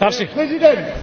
Tarsi. Präsident!